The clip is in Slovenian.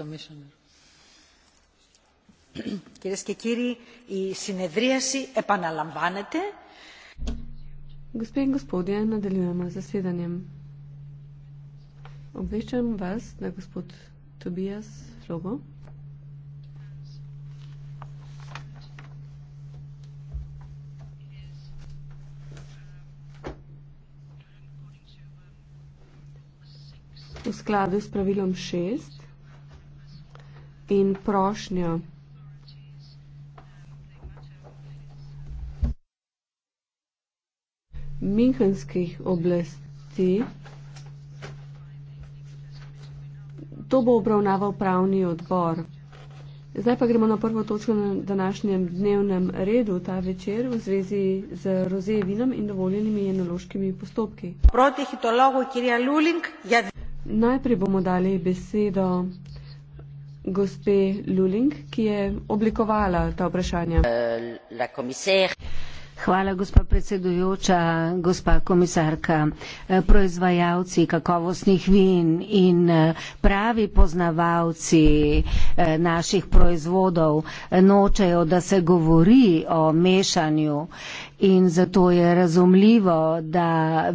Κυρίες και κύριοι, η συνεδρίαση επαναλαμβάνεται. Господи и господи, наделюваме заседанием. Обещам вас на господ Тобиас Флого, v skladu s pravilom 6 in prošnjo. Minhenskih oblasti. To bo obravnaval pravni odbor. Zdaj pa gremo na prvo točko na današnjem dnevnem redu ta večer v zvezi z rozevinom in dovoljenimi enološkimi postopki. Proti hitologu Kirja Luling. Jaz... Najprej bomo dali besedo gospe Luling, ki je oblikovala ta vprašanja. Eh, Hvala, gospa predsedujoča, gospa komisarka. Eh, proizvajalci kakovostnih vin in eh, pravi poznavalci naših proizvodov nočejo, da se govori o mešanju in zato je razumljivo, da.